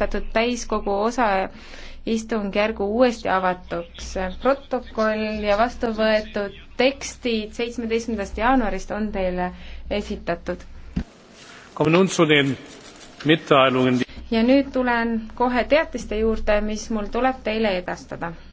kuulutatud täiskogu osa istungjärgu uuesti avatuks. protokoll ja vastu võetud tekstid seitsmeteistkümnendast jaanuarist on teile esitatud. ja nüüd tulen kohe teatiste juurde, mis mul tuleb teile edastada.